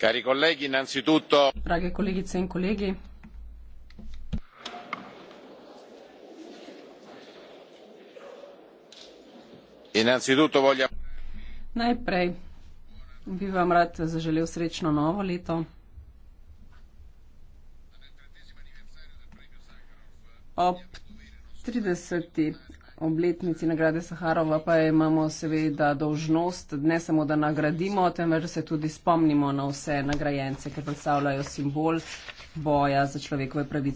cari colleghi innanzitutto draghe colleghe e colleghi innanzitutto voglio najprej bi vam rad zaželel srečno novo leto ob trideseti obletnici nagrade Saharova pa imamo seveda dožnost, ne samo da nagradimo, temveč da se tudi spomnimo na vse nagrajence, ki predstavljajo simbol boja za človekove pravice.